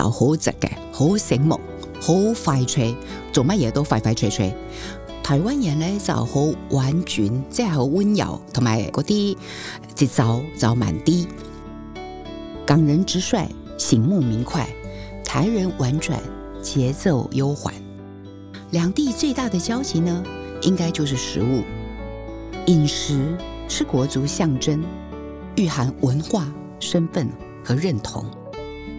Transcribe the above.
就好直嘅，好醒目，好快脆，做乜嘢都快快脆脆。台灣人咧就好婉轉，即係好溫柔，同埋嗰啲節奏就慢啲。港人直率醒目明快，台人婉轉節奏悠緩。兩地最大的交集呢，應該就是食物。飲食是國族象徵，蘊含文化身份和認同。